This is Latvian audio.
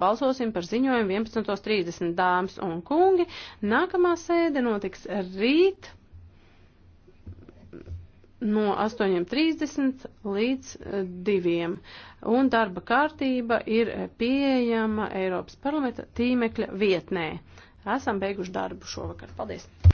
balsosim par ziņojumu 11.30 dāmas un kungi. Nākamā sēde notiks rīt no 8.30 līdz 2. Un darba kārtība ir pieejama Eiropas parlamenta tīmekļa vietnē. Esam beiguši darbu šovakar. Paldies!